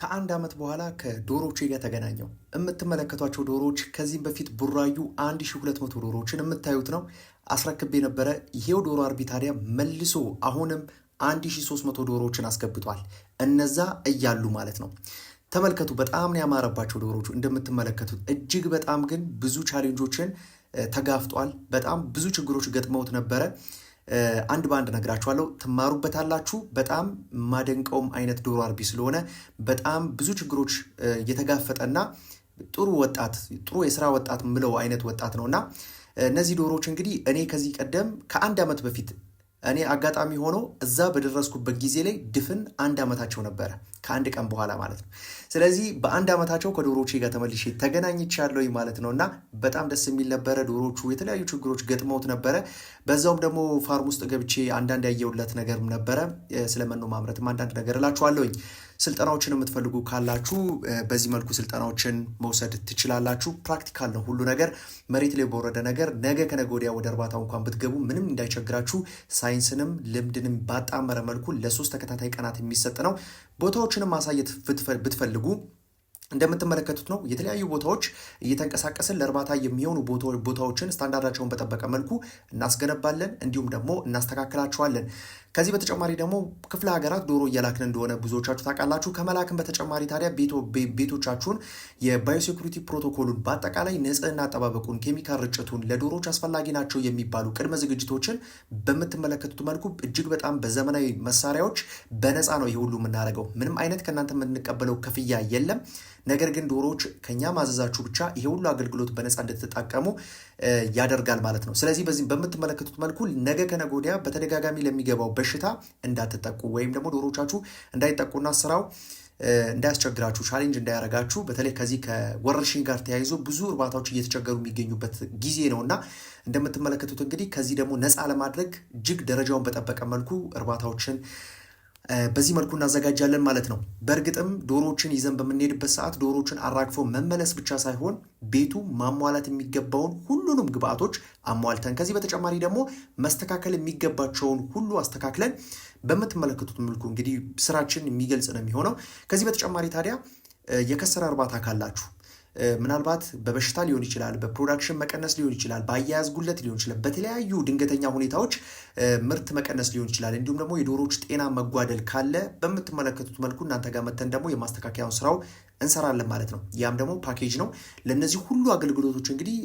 ከአንድ ዓመት በኋላ ከዶሮቼ ጋር ተገናኘው። የምትመለከቷቸው ዶሮዎች ከዚህም በፊት ቡራዩ 1200 ዶሮዎችን የምታዩት ነው አስረክቤ የነበረ። ይሄው ዶሮ አርቢ ታዲያ መልሶ አሁንም 1300 ዶሮዎችን አስገብቷል። እነዛ እያሉ ማለት ነው። ተመልከቱ። በጣም ነው ያማረባቸው ዶሮዎቹ እንደምትመለከቱት። እጅግ በጣም ግን ብዙ ቻሌንጆችን ተጋፍጧል። በጣም ብዙ ችግሮች ገጥመውት ነበረ። አንድ በአንድ ነግራችኋለሁ፣ ትማሩበታላችሁ። በጣም የማደንቀውም አይነት ዶሮ አርቢ ስለሆነ በጣም ብዙ ችግሮች የተጋፈጠና ጥሩ ወጣት ጥሩ የስራ ወጣት ምለው አይነት ወጣት ነውና እነዚህ ዶሮዎች እንግዲህ እኔ ከዚህ ቀደም ከአንድ ዓመት በፊት እኔ አጋጣሚ ሆኖ እዛ በደረስኩበት ጊዜ ላይ ድፍን አንድ ዓመታቸው ነበረ ከአንድ ቀን በኋላ ማለት ነው። ስለዚህ በአንድ ዓመታቸው ከዶሮቼ ጋር ተመልሼ ያለው ማለት ነው እና በጣም ደስ የሚል ነበረ። ዶሮቹ የተለያዩ ችግሮች ገጥመውት ነበረ። በዛውም ደግሞ ፋርም ውስጥ ገብቼ አንዳንድ ያየሁለት ነገርም ነበረ። ስለመኖ ማምረትም አንዳንድ ነገር እላችኋለሁኝ። ስልጠናዎችን የምትፈልጉ ካላችሁ በዚህ መልኩ ስልጠናዎችን መውሰድ ትችላላችሁ። ፕራክቲካል ነው ሁሉ ነገር መሬት ላይ በወረደ ነገር ነገ ከነገ ወዲያ ወደ እርባታው እንኳን ብትገቡ ምንም እንዳይቸግራችሁ ሳይ ሳይንስንም ልምድንም ባጣመረ መልኩ ለሶስት ተከታታይ ቀናት የሚሰጥ ነው። ቦታዎችንም ማሳየት ብትፈልጉ እንደምትመለከቱት ነው። የተለያዩ ቦታዎች እየተንቀሳቀስን ለእርባታ የሚሆኑ ቦታዎችን ስታንዳርዳቸውን በጠበቀ መልኩ እናስገነባለን፣ እንዲሁም ደግሞ እናስተካክላቸዋለን። ከዚህ በተጨማሪ ደግሞ ክፍለ ሀገራት ዶሮ እየላክን እንደሆነ ብዙዎቻችሁ ታውቃላችሁ። ከመላክን በተጨማሪ ታዲያ ቤቶቻችሁን የባዮሴኩሪቲ ፕሮቶኮሉን በአጠቃላይ ንጽህና አጠባበቁን፣ ኬሚካል ርጭቱን፣ ለዶሮች አስፈላጊ ናቸው የሚባሉ ቅድመ ዝግጅቶችን በምትመለከቱት መልኩ እጅግ በጣም በዘመናዊ መሳሪያዎች በነፃ ነው ይህ ሁሉ የምናደርገው። ምንም አይነት ከእናንተ የምንቀበለው ክፍያ የለም። ነገር ግን ዶሮዎች ከኛ ማዘዛችሁ ብቻ ይሄ ሁሉ አገልግሎት በነፃ እንድትጠቀሙ ያደርጋል ማለት ነው። ስለዚህ በዚህ በምትመለከቱት መልኩ ነገ ከነገ ወዲያ በተደጋጋሚ ለሚገባው በሽታ እንዳትጠቁ ወይም ደግሞ ዶሮቻችሁ እንዳይጠቁና ስራው እንዳያስቸግራችሁ ቻሌንጅ እንዳያረጋችሁ በተለይ ከዚህ ከወረርሽኝ ጋር ተያይዞ ብዙ እርባታዎች እየተቸገሩ የሚገኙበት ጊዜ ነው እና እንደምትመለከቱት እንግዲህ ከዚህ ደግሞ ነፃ ለማድረግ እጅግ ደረጃውን በጠበቀ መልኩ እርባታዎችን በዚህ መልኩ እናዘጋጃለን ማለት ነው። በእርግጥም ዶሮዎችን ይዘን በምንሄድበት ሰዓት ዶሮዎችን አራግፎ መመለስ ብቻ ሳይሆን ቤቱ ማሟላት የሚገባውን ሁሉንም ግብአቶች አሟልተን ከዚህ በተጨማሪ ደግሞ መስተካከል የሚገባቸውን ሁሉ አስተካክለን በምትመለከቱት መልኩ እንግዲህ ስራችን የሚገልጽ ነው የሚሆነው። ከዚህ በተጨማሪ ታዲያ የከሰረ እርባታ ካላችሁ ምናልባት በበሽታ ሊሆን ይችላል፣ በፕሮዳክሽን መቀነስ ሊሆን ይችላል፣ በአያያዝ ጉለት ሊሆን ይችላል፣ በተለያዩ ድንገተኛ ሁኔታዎች ምርት መቀነስ ሊሆን ይችላል። እንዲሁም ደግሞ የዶሮዎች ጤና መጓደል ካለ በምትመለከቱት መልኩ እናንተ ጋር መተን ደግሞ የማስተካከያውን ስራው እንሰራለን ማለት ነው። ያም ደግሞ ፓኬጅ ነው። ለእነዚህ ሁሉ አገልግሎቶች እንግዲህ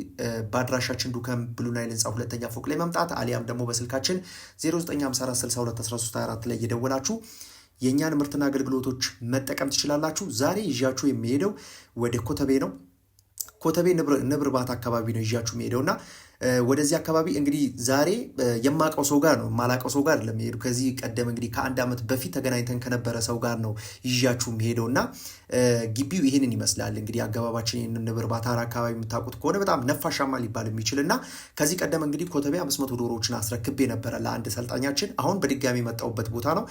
በአድራሻችን ዱከም ብሉ ናይል ህንፃ ሁለተኛ ፎቅ ላይ መምጣት አሊያም ደግሞ በስልካችን 09546213 ላይ እየደወላችሁ የእኛን ምርትና አገልግሎቶች መጠቀም ትችላላችሁ። ዛሬ ይዣችሁ የሚሄደው ወደ ኮተቤ ነው። ኮተቤ ንብርባት አካባቢ ነው ይዣችሁ እና ወደዚህ አካባቢ እንግዲህ ዛሬ የማውቀው ሰው ጋር ነው የማላውቀው ሰው ጋር ለሚሄዱ ከዚህ ቀደም እንግዲህ ከአንድ ዓመት በፊት ተገናኝተን ከነበረ ሰው ጋር ነው ይዣችሁ የሚሄደው እና ግቢው ይህንን ይመስላል። እንግዲህ አገባባችን ይህንን ንብርባት አካባቢ የምታውቁት ከሆነ በጣም ነፋሻማ ሊባል የሚችል እና ከዚህ ቀደም እንግዲህ ኮተቤ አምስት መቶ ዶሮዎችን አስረክቤ ነበረ ለአንድ ሰልጣኛችን። አሁን በድጋሚ የመጣሁበት ቦታ ነው።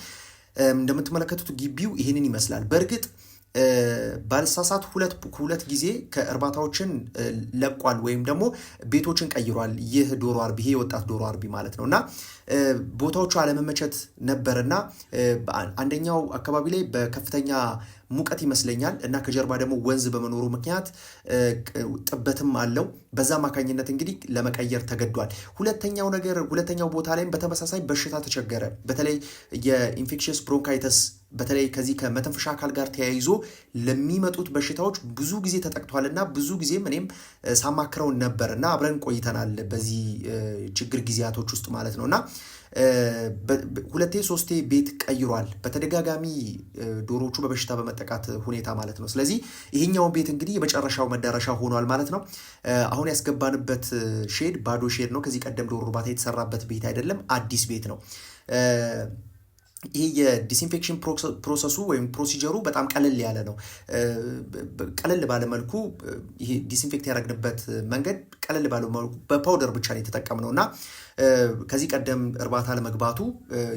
እንደምትመለከቱት ግቢው ይህንን ይመስላል። በእርግጥ ባልሳሳት ሁለት ሁለት ጊዜ ከእርባታዎችን ለቋል ወይም ደግሞ ቤቶችን ቀይሯል። ይህ ዶሮ አርቢ ይሄ የወጣት ዶሮ አርቢ ማለት ነው እና ቦታዎቹ አለመመቸት ነበርና አንደኛው አካባቢ ላይ በከፍተኛ ሙቀት ይመስለኛል እና ከጀርባ ደግሞ ወንዝ በመኖሩ ምክንያት ጥበትም አለው። በዛ አማካኝነት እንግዲህ ለመቀየር ተገዷል። ሁለተኛው ነገር ሁለተኛው ቦታ ላይም በተመሳሳይ በሽታ ተቸገረ። በተለይ የኢንፌክሽየስ ብሮንካይተስ በተለይ ከዚህ ከመተንፈሻ አካል ጋር ተያይዞ ለሚመጡት በሽታዎች ብዙ ጊዜ ተጠቅቷል ብዙ ጊዜም እኔም ሳማክረውን ነበር እና አብረን ቆይተናል በዚህ ችግር ጊዜያቶች ውስጥ ማለት ነው እና ሁለቴ ሶስቴ ቤት ቀይሯል። በተደጋጋሚ ዶሮዎቹ በበሽታ በመጠቃት ሁኔታ ማለት ነው። ስለዚህ ይሄኛውን ቤት እንግዲህ የመጨረሻው መዳረሻ ሆኗል ማለት ነው። አሁን ያስገባንበት ሼድ ባዶ ሼድ ነው። ከዚህ ቀደም ዶሮ እርባታ የተሰራበት ቤት አይደለም፣ አዲስ ቤት ነው። ይሄ የዲስኢንፌክሽን ፕሮሰሱ ወይም ፕሮሲጀሩ በጣም ቀለል ያለ ነው። ቀለል ባለ መልኩ ይሄ ዲስኢንፌክት ያደረግንበት መንገድ ቀለል ባለ መልኩ በፓውደር ብቻ ነው የተጠቀምነው እና ከዚህ ቀደም እርባታ ለመግባቱ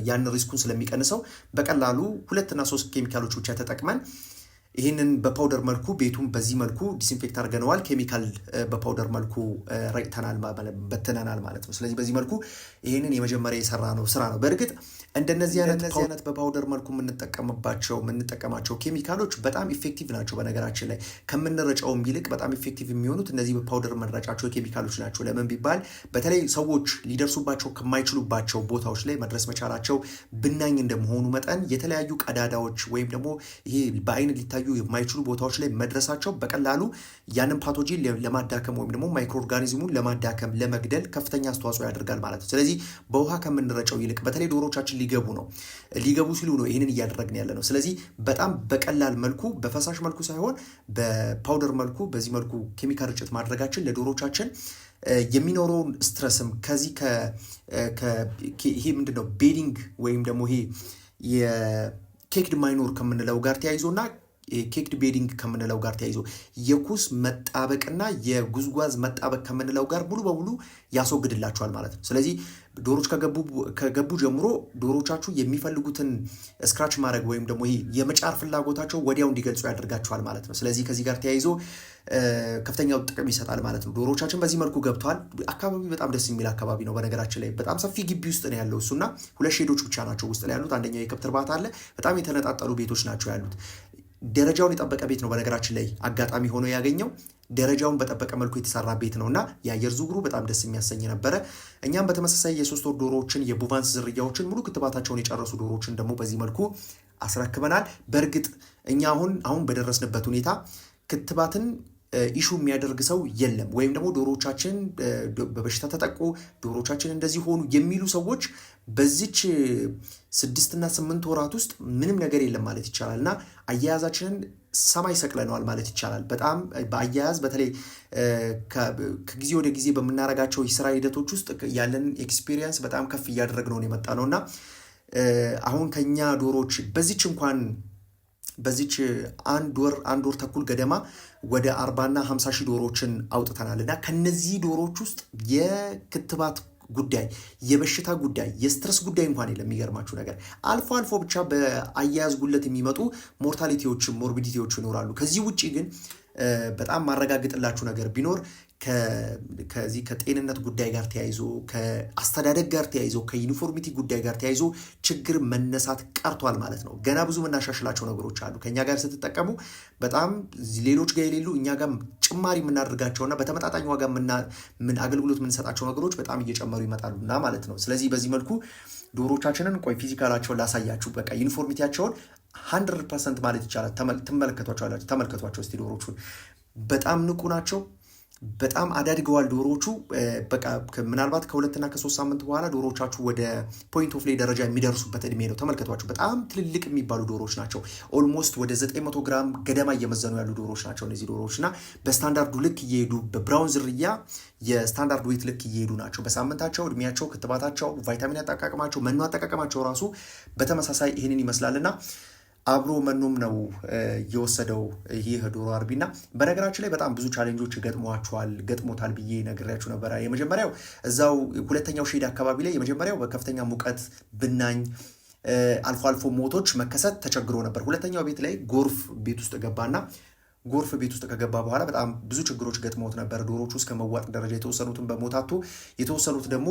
ያን ሪስኩን ስለሚቀንሰው በቀላሉ ሁለትና ሶስት ኬሚካሎች ብቻ ተጠቅመን ይህንን በፓውደር መልኩ ቤቱን በዚህ መልኩ ዲስንፌክት አድርገነዋል። ኬሚካል በፓውደር መልኩ ረጭተናል፣ በትነናል ማለት ነው። ስለዚህ በዚህ መልኩ ይህንን የመጀመሪያ የሰራ ነው ስራ ነው። በእርግጥ እንደነዚህ አይነት በፓውደር መልኩ የምንጠቀምባቸው የምንጠቀማቸው ኬሚካሎች በጣም ኢፌክቲቭ ናቸው። በነገራችን ላይ ከምንረጫውም ይልቅ በጣም ኢፌክቲቭ የሚሆኑት እነዚህ በፓውደር መረጫቸው ኬሚካሎች ናቸው። ለምን ቢባል በተለይ ሰዎች ሊደርሱባቸው ከማይችሉባቸው ቦታዎች ላይ መድረስ መቻላቸው ብናኝ እንደመሆኑ መጠን የተለያዩ ቀዳዳዎች ወይም ደግሞ ይሄ በአይን ሊታዩ የተለያዩ የማይችሉ ቦታዎች ላይ መድረሳቸው በቀላሉ ያንን ፓቶጂን ለማዳከም ወይም ደግሞ ማይክሮ ኦርጋኒዝሙን ለማዳከም ለመግደል ከፍተኛ አስተዋጽኦ ያደርጋል ማለት ነው። ስለዚህ በውሃ ከምንረጨው ይልቅ በተለይ ዶሮቻችን ሊገቡ ነው ሊገቡ ሲሉ ነው ይህንን እያደረግን ያለ ነው። ስለዚህ በጣም በቀላል መልኩ በፈሳሽ መልኩ ሳይሆን በፓውደር መልኩ በዚህ መልኩ ኬሚካል ርጭት ማድረጋችን ለዶሮቻችን የሚኖረውን ስትረስም ከዚህ ይሄ ምንድነው ቤዲንግ ወይም ደግሞ ይሄ የኬክድ ማይኖር ከምንለው ጋር ተያይዞና ኬክድ ቤዲንግ ከምንለው ጋር ተያይዞ የኩስ መጣበቅና የጉዝጓዝ መጣበቅ ከምንለው ጋር ሙሉ በሙሉ ያስወግድላቸዋል ማለት ነው። ስለዚህ ዶሮች ከገቡ ጀምሮ ዶሮቻችሁ የሚፈልጉትን ስክራች ማድረግ ወይም ደግሞ ይሄ የመጫር ፍላጎታቸው ወዲያው እንዲገልጹ ያደርጋቸዋል ማለት ነው። ስለዚህ ከዚህ ጋር ተያይዞ ከፍተኛው ጥቅም ይሰጣል ማለት ነው። ዶሮቻችን በዚህ መልኩ ገብተዋል። አካባቢ በጣም ደስ የሚል አካባቢ ነው። በነገራችን ላይ በጣም ሰፊ ግቢ ውስጥ ነው ያለው እሱና ሁለት ሼዶች ብቻ ናቸው ውስጥ ላይ ያሉት። አንደኛው የከብት እርባታ አለ። በጣም የተነጣጠሉ ቤቶች ናቸው ያሉት ደረጃውን የጠበቀ ቤት ነው። በነገራችን ላይ አጋጣሚ ሆኖ ያገኘው ደረጃውን በጠበቀ መልኩ የተሰራ ቤት እና የአየር ዝውውሩ በጣም ደስ የሚያሰኝ ነበረ። እኛም በተመሳሳይ የሶስት ወር ዶሮዎችን የቡቫንስ ዝርያዎችን ሙሉ ክትባታቸውን የጨረሱ ዶሮዎችን ደግሞ በዚህ መልኩ አስረክበናል። በእርግጥ እኛ አሁን አሁን በደረስንበት ሁኔታ ክትባትን ኢሹ የሚያደርግ ሰው የለም። ወይም ደግሞ ዶሮቻችን በበሽታ ተጠቁ፣ ዶሮቻችን እንደዚህ ሆኑ የሚሉ ሰዎች በዚች ስድስትና ስምንት ወራት ውስጥ ምንም ነገር የለም ማለት ይቻላል እና አያያዛችንን ሰማይ ሰቅለነዋል ማለት ይቻላል። በጣም በአያያዝ በተለይ ከጊዜ ወደ ጊዜ በምናረጋቸው የስራ ሂደቶች ውስጥ ያለን ኤክስፒሪየንስ በጣም ከፍ ነውን የመጣ ነው እና አሁን ከኛ ዶሮዎች በዚች እንኳን በዚች አንድ ወር አንድ ወር ተኩል ገደማ ወደ አርባና ሀምሳ ሺህ ዶሮዎችን አውጥተናል እና ከነዚህ ዶሮዎች ውስጥ የክትባት ጉዳይ የበሽታ ጉዳይ የስትረስ ጉዳይ እንኳን የለም። የሚገርማችሁ ነገር አልፎ አልፎ ብቻ በአያያዝ ጉለት የሚመጡ ሞርታሊቲዎችም ሞርቢዲቲዎች ይኖራሉ። ከዚህ ውጭ ግን በጣም ማረጋግጥላችሁ ነገር ቢኖር ከዚህ ከጤንነት ጉዳይ ጋር ተያይዞ ከአስተዳደግ ጋር ተያይዞ ከዩኒፎርሚቲ ጉዳይ ጋር ተያይዞ ችግር መነሳት ቀርቷል ማለት ነው። ገና ብዙ የምናሻሽላቸው ነገሮች አሉ። ከእኛ ጋር ስትጠቀሙ በጣም ሌሎች ጋር የሌሉ እኛ ጋር ጭማሪ የምናደርጋቸውና በተመጣጣኝ ዋጋ ምን አገልግሎት የምንሰጣቸው ነገሮች በጣም እየጨመሩ ይመጣሉና ማለት ነው። ስለዚህ በዚህ መልኩ ዶሮቻችንን ቆይ ፊዚካላቸውን ላሳያችሁ። በቃ ዩኒፎርሚቲያቸውን ሀንድርድ ፐርሰንት ማለት ይቻላል ትመለከቷቸዋላችሁ። ተመልከቷቸው እስቲ ዶሮቹን በጣም ንቁ ናቸው። በጣም አዳድገዋል ዶሮቹ። በቃ ምናልባት ከሁለትና ከሶስት ሳምንት በኋላ ዶሮቻችሁ ወደ ፖይንት ኦፍ ላይ ደረጃ የሚደርሱበት እድሜ ነው። ተመልከቷቸው፣ በጣም ትልልቅ የሚባሉ ዶሮች ናቸው። ኦልሞስት ወደ 900 ግራም ገደማ እየመዘኑ ያሉ ዶሮች ናቸው እነዚህ ዶሮች እና በስታንዳርዱ ልክ እየሄዱ በብራውን ዝርያ የስታንዳርድ ዌት ልክ እየሄዱ ናቸው። በሳምንታቸው፣ እድሜያቸው፣ ክትባታቸው፣ ቫይታሚን አጠቃቀማቸው፣ መኖ አጠቃቀማቸው ራሱ በተመሳሳይ ይህንን ይመስላልና አብሮ መኖም ነው የወሰደው ይህ ዶሮ አርቢና። በነገራችን ላይ በጣም ብዙ ቻሌንጆች ገጥሟቸዋል ገጥሞታል ብዬ ነግሬያችሁ ነበረ። የመጀመሪያው እዛው ሁለተኛው ሼድ አካባቢ ላይ የመጀመሪያው በከፍተኛ ሙቀት ብናኝ አልፎ አልፎ ሞቶች መከሰት ተቸግሮ ነበር። ሁለተኛው ቤት ላይ ጎርፍ ቤት ውስጥ ገባና ጎርፍ ቤት ውስጥ ከገባ በኋላ በጣም ብዙ ችግሮች ገጥመውት ነበር። ዶሮቹ እስከ መዋጥ ደረጃ የተወሰኑትን በሞታቱ የተወሰኑት ደግሞ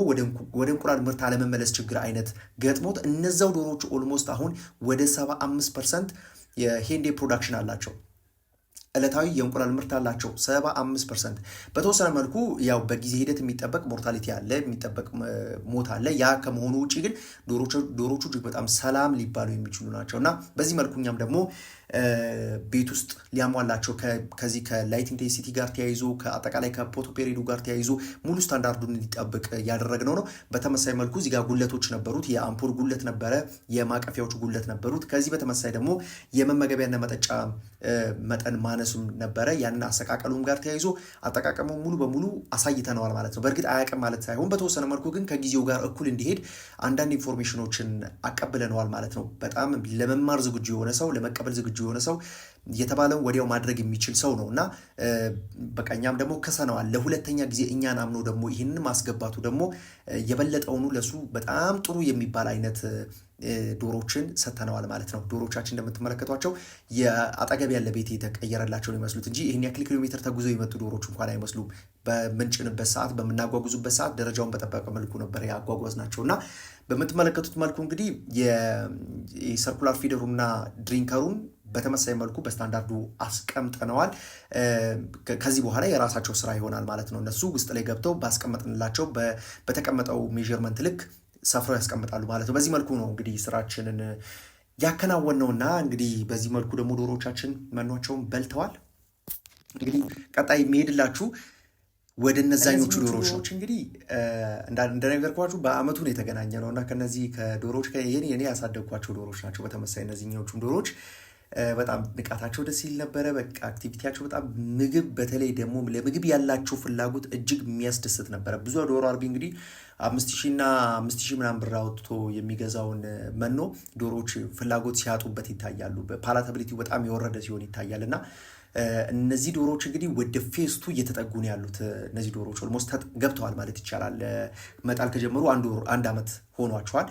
ወደ እንቁላል ምርት አለመመለስ ችግር አይነት ገጥሞት እነዛው ዶሮቹ ኦልሞስት አሁን ወደ 75 ፐርሰንት የሄንዴ ፕሮዳክሽን አላቸው። ዕለታዊ የእንቁላል ምርት አላቸው 75 ፐርሰንት። በተወሰነ መልኩ ያው በጊዜ ሂደት የሚጠበቅ ሞርታሊቲ አለ፣ የሚጠበቅ ሞት አለ። ያ ከመሆኑ ውጭ ግን ዶሮቹ እጅግ በጣም ሰላም ሊባሉ የሚችሉ ናቸው እና በዚህ መልኩ እኛም ደግሞ ቤት ውስጥ ሊያሟላቸው ከዚህ ከላይት ኢንቴንሲቲ ጋር ተያይዞ ከአጠቃላይ ከፖቶ ጋር ተያይዞ ሙሉ ስታንዳርዱን እንዲጠብቅ ያደረግነው ነው። በተመሳይ መልኩ እዚጋ ጉለቶች ነበሩት። የአምፖል ጉለት ነበረ፣ የማቀፊያዎች ጉለት ነበሩት። ከዚህ በተመሳይ ደግሞ የመመገቢያና መጠጫ መጠን ማነሱም ነበረ። ያንን አሰቃቀሉም ጋር ተያይዞ አጠቃቀሙ ሙሉ በሙሉ አሳይተነዋል ማለት ነው። በእርግጥ አያቅም ማለት ሳይሆን በተወሰነ መልኩ ግን ከጊዜው ጋር እኩል እንዲሄድ አንዳንድ ኢንፎርሜሽኖችን አቀብለነዋል ማለት ነው። በጣም ለመማር ዝግጁ የሆነ ሰው ለመቀበል ዝግጁ የሆነ ሰው የተባለው ወዲያው ማድረግ የሚችል ሰው ነው እና በቀኛም ደግሞ ከሰነዋል። ለሁለተኛ ጊዜ እኛን አምኖ ደግሞ ይህንን ማስገባቱ ደግሞ የበለጠውኑ ለሱ በጣም ጥሩ የሚባል አይነት ዶሮችን ሰተነዋል ማለት ነው። ዶሮቻችን እንደምትመለከቷቸው የአጠገብ ያለ ቤት የተቀየረላቸው ይመስሉት እንጂ ይህን ያክል ኪሎ ሜትር ተጉዞ የመጡ ዶሮች እንኳን አይመስሉም። በምንጭንበት ሰዓት፣ በምናጓጉዙበት ሰዓት ደረጃውን በጠበቀ መልኩ ነበር ያጓጓዝ ናቸው እና በምትመለከቱት መልኩ እንግዲህ የሰርኩላር ፊደሩና ድሪንከሩን በተመሳሳይ መልኩ በስታንዳርዱ አስቀምጠነዋል። ከዚህ በኋላ የራሳቸው ስራ ይሆናል ማለት ነው። እነሱ ውስጥ ላይ ገብተው ባስቀመጥንላቸው በተቀመጠው ሜዥርመንት ልክ ሰፍረው ያስቀምጣሉ ማለት ነው። በዚህ መልኩ ነው እንግዲህ ስራችንን እና እንግዲህ በዚህ መልኩ ደግሞ ዶሮዎቻችን መኗቸውን በልተዋል። እንግዲህ ቀጣይ የሚሄድላችሁ ወደ እነዛኞቹ ዶሮዎች ነው። እንግዲህ እንደነገርኳችሁ በአመቱ የተገናኘ ነው እና ከነዚህ ከዶሮዎች የኔ ያሳደግኳቸው ዶሮዎች ናቸው። በተመሳይ እነዚህኞቹም ዶሮዎች በጣም ንቃታቸው ደስ ይል ነበረ። በቃ አክቲቪቲያቸው በጣም ምግብ፣ በተለይ ደግሞ ለምግብ ያላቸው ፍላጎት እጅግ የሚያስደስት ነበረ። ብዙ ዶሮ አርቢ እንግዲህ አምስት እና አምስት ሺ ምናምን ብር አውጥቶ የሚገዛውን መኖ ዶሮዎች ፍላጎት ሲያጡበት ይታያሉ። ፓላታብሊቲው በጣም የወረደ ሲሆን ይታያል እና እነዚህ ዶሮዎች እንግዲህ ወደ ፌስቱ እየተጠጉ ነው ያሉት። እነዚህ ዶሮዎች ኦልሞስት ገብተዋል ማለት ይቻላል። መጣል ከጀመሩ አንድ ዓመት ሆኗቸዋል።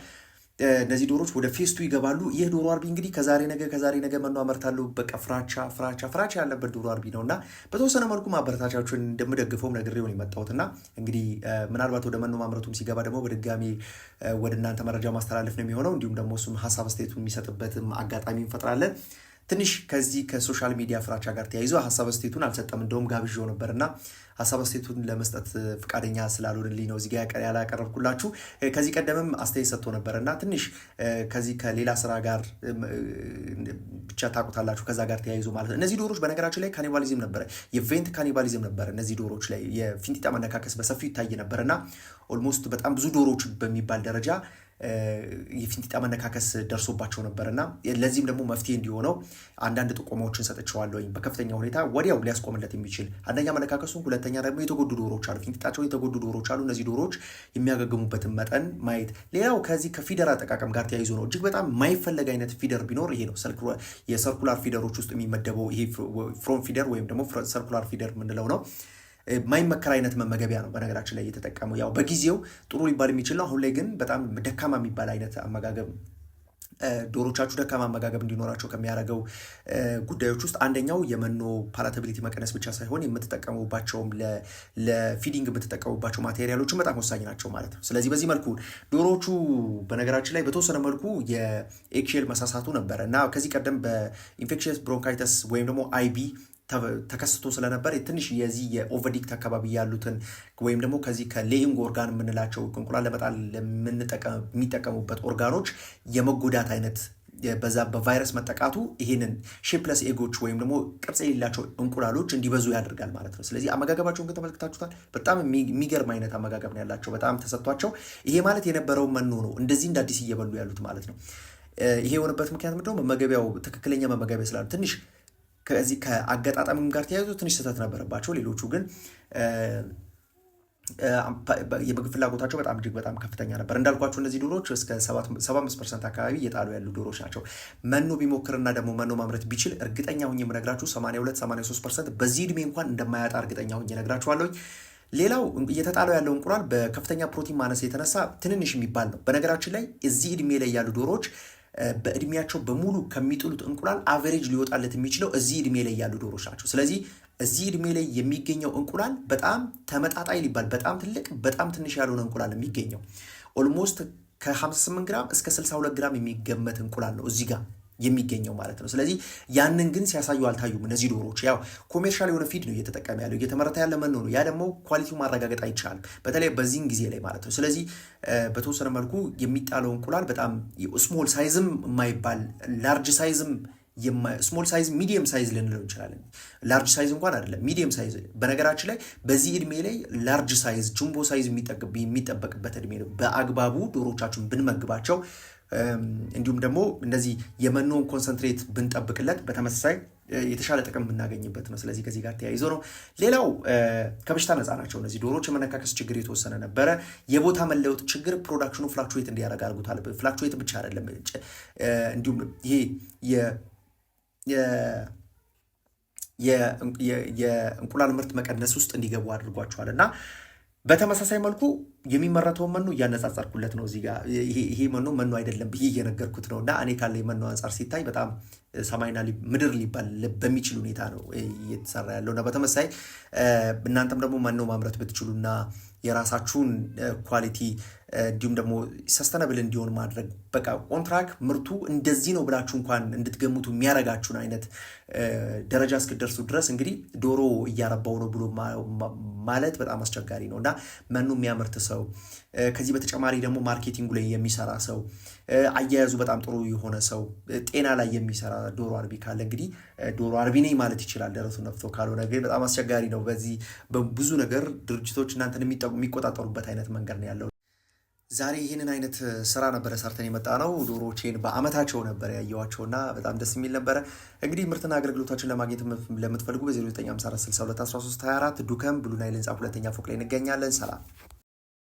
እነዚህ ዶሮች ወደ ፌስቱ ይገባሉ። ይህ ዶሮ አርቢ እንግዲህ ከዛሬ ነገ ከዛሬ ነገ መኖ አመርታለሁ በቃ ፍራቻ ፍራቻ ፍራቻ ያለበት ዶሮ አርቢ ነው እና በተወሰነ መልኩ ማበረታቻዎችን እንደምደግፈውም ነግሬውን እና እንግዲህ ምናልባት ወደ መኖ ማምረቱም ሲገባ ደግሞ በድጋሚ ወደ እናንተ መረጃ ማስተላለፍ ነው የሚሆነው። እንዲሁም ደግሞ እሱም ሀሳብ አስተያየቱ የሚሰጥበትም አጋጣሚ እንፈጥራለን። ትንሽ ከዚህ ከሶሻል ሚዲያ ፍራቻ ጋር ተያይዞ ሀሳብ አስተያየቱን አልሰጠም። እንደውም ጋብዤው ነበርና ሀሳብ አስተያየቱን ለመስጠት ፈቃደኛ ስላልሆንልኝ ነው እዚጋ ያላቀረብኩላችሁ። ከዚህ ቀደምም አስተያየት ሰጥቶ ነበርና ትንሽ ከዚህ ከሌላ ስራ ጋር ብቻ ታውቁታላችሁ፣ ከዛ ጋር ተያይዞ ማለት ነው። እነዚህ ዶሮች በነገራችን ላይ ካኒባሊዝም ነበረ፣ የቬንት ካኒባሊዝም ነበረ። እነዚህ ዶሮች ላይ የፊንጢጣ መነካከስ በሰፊው ይታይ ነበርና ኦልሞስት በጣም ብዙ ዶሮች በሚባል ደረጃ የፊንጢጣ መነካከስ ደርሶባቸው ነበር እና ለዚህም ደግሞ መፍትሄ እንዲሆነው አንዳንድ ጥቆማዎችን ሰጥቼዋለሁኝ። በከፍተኛ ሁኔታ ወዲያው ሊያስቆምለት የሚችል አንደኛ መነካከሱን፣ ሁለተኛ ደግሞ የተጎዱ ዶሮዎች አሉ፣ ፊንጢጣቸው የተጎዱ ዶሮዎች አሉ። እነዚህ ዶሮዎች የሚያገግሙበትን መጠን ማየት። ሌላው ከዚህ ከፊደር አጠቃቀም ጋር ተያይዞ ነው። እጅግ በጣም የማይፈለግ አይነት ፊደር ቢኖር ይሄ ነው። የሰርኩላር ፊደሮች ውስጥ የሚመደበው ይሄ ፍሮም ፊደር ወይም ደግሞ ሰርኩላር ፊደር የምንለው ነው። የማይመከር አይነት መመገቢያ ነው በነገራችን ላይ እየተጠቀሙ ያው በጊዜው ጥሩ ሊባል የሚችል ነው። አሁን ላይ ግን በጣም ደካማ የሚባል አይነት አመጋገብ ዶሮቻችሁ ደካማ አመጋገብ እንዲኖራቸው ከሚያደርገው ጉዳዮች ውስጥ አንደኛው የመኖ ፓላተቢሊቲ መቀነስ ብቻ ሳይሆን የምትጠቀሙባቸውም ለፊዲንግ የምትጠቀሙባቸው ማቴሪያሎችን በጣም ወሳኝ ናቸው ማለት ነው። ስለዚህ በዚህ መልኩ ዶሮቹ በነገራችን ላይ በተወሰነ መልኩ የኤክሼል መሳሳቱ ነበረ እና ከዚህ ቀደም በኢንፌክሽስ ብሮንካይተስ ወይም ደግሞ አይቢ ተከስቶ ስለነበር ትንሽ የዚህ የኦቨዲክት አካባቢ ያሉትን ወይም ደግሞ ከዚህ ከሌይንግ ኦርጋን የምንላቸው እንቁላል ለመጣል የሚጠቀሙበት ኦርጋኖች የመጎዳት አይነት በዛ በቫይረስ መጠቃቱ ይህንን ሼፕለስ ኤጎች ወይም ደግሞ ቅርጽ የሌላቸው እንቁላሎች እንዲበዙ ያደርጋል ማለት ነው። ስለዚህ አመጋገባቸውን ግን ተመልክታችሁታል። በጣም የሚገርም አይነት አመጋገብ ነው ያላቸው፣ በጣም ተሰጥቷቸው። ይሄ ማለት የነበረው መኖ ነው፣ እንደዚህ እንደ አዲስ እየበሉ ያሉት ማለት ነው። ይሄ የሆነበት ምክንያት ምንድነው? መመገቢያው ትክክለኛ መመገቢያ ስላሉ ትንሽ ከዚህ ከአገጣጣምም ጋር ተያይዞ ትንሽ ስህተት ነበረባቸው። ሌሎቹ ግን የምግብ ፍላጎታቸው በጣም እጅግ በጣም ከፍተኛ ነበር። እንዳልኳቸው እነዚህ ዶሮዎች እስከ 75 ፐርሰንት አካባቢ የጣሉ ያሉ ዶሮዎች ናቸው። መኖ ቢሞክርና ደግሞ መኖ ማምረት ቢችል እርግጠኛ ሁኝ የምነግራችሁ 82 83 ፐርሰንት በዚህ እድሜ እንኳን እንደማያጣ እርግጠኛ ሁኝ እነግራችኋለሁኝ። ሌላው እየተጣለው ያለው እንቁላል በከፍተኛ ፕሮቲን ማነስ የተነሳ ትንንሽ የሚባል ነው። በነገራችን ላይ እዚህ እድሜ ላይ ያሉ ዶሮዎች በእድሜያቸው በሙሉ ከሚጥሉት እንቁላል አቨሬጅ ሊወጣለት የሚችለው እዚህ እድሜ ላይ ያሉ ዶሮች ናቸው። ስለዚህ እዚህ እድሜ ላይ የሚገኘው እንቁላል በጣም ተመጣጣኝ ሊባል በጣም ትልቅ በጣም ትንሽ ያልሆነ እንቁላል የሚገኘው ኦልሞስት ከ58 ግራም እስከ 62 ግራም የሚገመት እንቁላል ነው እዚህ ጋር የሚገኘው ማለት ነው። ስለዚህ ያንን ግን ሲያሳዩ አልታዩም። እነዚህ ዶሮዎች ያው ኮሜርሻል የሆነ ፊድ ነው እየተጠቀመ ያለው እየተመረተ ያለ መኖ ነው። ያ ደግሞ ኳሊቲው ማረጋገጥ አይቻልም፣ በተለይ በዚህን ጊዜ ላይ ማለት ነው። ስለዚህ በተወሰነ መልኩ የሚጣለው እንቁላል በጣም ስሞል ሳይዝም የማይባል ላርጅ ሳይዝም ስሞል ሳይዝ ሚዲየም ሳይዝ ልንለው እንችላለን። ላርጅ ሳይዝ እንኳን አይደለም ሚዲየም ሳይዝ። በነገራችን ላይ በዚህ እድሜ ላይ ላርጅ ሳይዝ ጁምቦ ሳይዝ የሚጠበቅበት እድሜ ነው። በአግባቡ ዶሮቻችሁን ብንመግባቸው እንዲሁም ደግሞ እንደዚህ የመኖን ኮንሰንትሬት ብንጠብቅለት በተመሳሳይ የተሻለ ጥቅም የምናገኝበት ነው። ስለዚህ ከዚህ ጋር ተያይዞ ነው። ሌላው ከበሽታ ነፃ ናቸው እነዚህ ዶሮዎች። የመነካከስ ችግር የተወሰነ ነበረ። የቦታ መለወጥ ችግር ፕሮዳክሽኑ ፍላክቹዌት እንዲያደርግ አድርጎታል። ፍላክቹዌት ብቻ አይደለም፣ እንዲሁም ይሄ የእንቁላል ምርት መቀነስ ውስጥ እንዲገቡ አድርጓቸዋል እና በተመሳሳይ መልኩ የሚመረተውን መኖ እያነጻጸርኩለት ነው። እዚህ ጋር ይሄ መኖ መኖ አይደለም ብዬ እየነገርኩት ነው። እና እኔ ካለ የመኖ አንጻር ሲታይ በጣም ሰማይና ምድር ሊባል በሚችል ሁኔታ ነው እየተሰራ ያለው እና በተመሳይ እናንተም ደግሞ መኖ ማምረት ብትችሉና የራሳችሁን ኳሊቲ እንዲሁም ደግሞ ሰስተነብል እንዲሆን ማድረግ በቃ ኮንትራክ ምርቱ እንደዚህ ነው ብላችሁ እንኳን እንድትገምቱ የሚያረጋችሁን አይነት ደረጃ እስክደርሱ ድረስ እንግዲህ ዶሮ እያረባው ነው ብሎ ማለት በጣም አስቸጋሪ ነው እና መኖ የሚያመርት ሰው ከዚህ በተጨማሪ ደግሞ ማርኬቲንጉ ላይ የሚሰራ ሰው አያያዙ በጣም ጥሩ የሆነ ሰው ጤና ላይ የሚሰራ ዶሮ አርቢ ካለ እንግዲህ ዶሮ አርቢ ነኝ ማለት ይችላል። ደረቱ ነፍቶ ካልሆነ ግን በጣም አስቸጋሪ ነው። በዚህ በብዙ ነገር ድርጅቶች እናንተን የሚቆጣጠሩበት አይነት መንገድ ነው ያለው። ዛሬ ይህንን አይነት ስራ ነበረ ሰርተን የመጣ ነው። ዶሮቼን በአመታቸው ነበረ እና በጣም ደስ የሚል ነበረ። እንግዲህ ምርትና አገልግሎታችን ለማግኘት ለምትፈልጉ በ0954621324 ዱከም ብሉ ናይል ህንፃ ሁለተኛ ፎቅ ላይ እንገኛለን። ሰላም